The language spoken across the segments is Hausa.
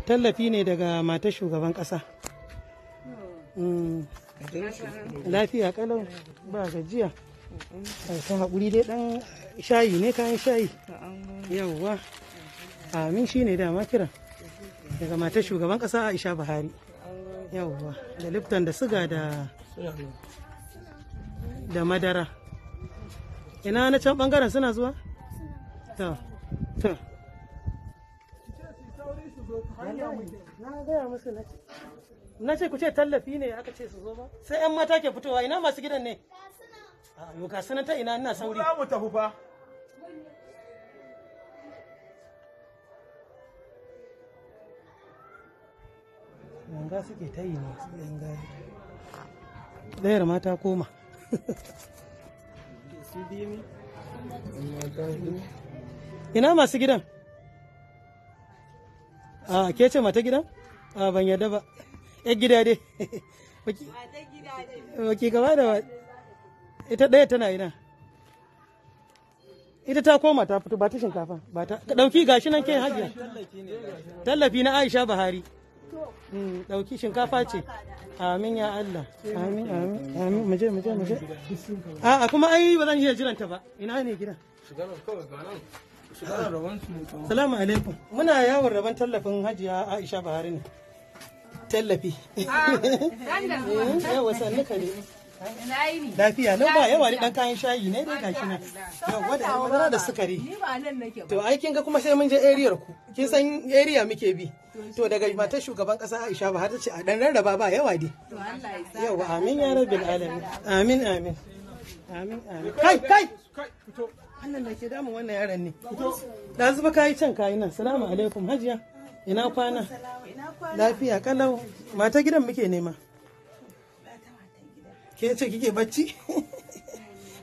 tallafi ne daga matar shugaban ƙasa mm. lafiya kalau ba gajiya kan haƙuri dai ɗan shayi ne kayan shayi yawwa amin shi ne dama kiran daga matar shugaban ƙasa aisha buhari yawwa da lifton da siga da da madara ina na can ɓangaren suna zuwa? to to na gaya musu na ce na ce ku ce tallafi ne aka ce su zo ba sai yan mata ke fitowa ina masu gidan ne a yau ga sanar ta ina ina sauri za mu tafi fa yanga suke ta yi ne su yanga ɗayar mata koma ina masu gidan a ke ce mata gidan a ban yadda ba yan gida dai baki gaba da ita ɗaya tana ina ita ta koma ta fito ba ta shinkafa ba ta ɗauki gashi nan ke hajiya tallafi na aisha buhari mm, ɗauki shinkafa ce amin ya allah amin amin amin muje muje muje a kuma ai ba zan iya jiranta ba ina ne gidan Salamu alaikum. Muna yawon rabon tallafin Hajiya Aisha Buhari ne. Tallafi. Ah, eh, yawa ka ne? Lafiya nan ba yawa ne dan kayan shayi ne dai gashi nan. Yawa da madara da sukari. To ai kin ga kuma sai mun je area ku. Kin san area muke bi. To daga matar shugaban kasa Aisha Buhari ce a dan rarraba ba yawa dai. Yawa amin ya rabbil alamin. Amin amin. Amin amin. Kai kai. kai, Allah da ke damun wannan yaron ne. Da zuba kayi can kayi nan. Salamu alaikum hajiya. Ina kwana. Lafiya kalau. Mata gidan muke nema. Ke ce kike bacci?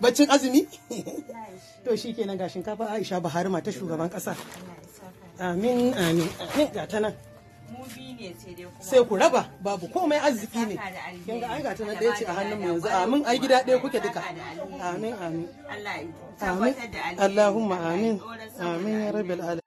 Baccin azumi? To shi ke nan ga shinkafa Aisha Buhari mata shugaban kasa. Amin amin amin ga ta nan. sai ku raba babu komai arziki ne kin ga aika na ɗaya ce a hannun mu yanzu amin ai gida ɗaya kuke duka amin amin amin Allahumma amin amin ya rabbil alamin